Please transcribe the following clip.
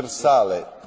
trasversale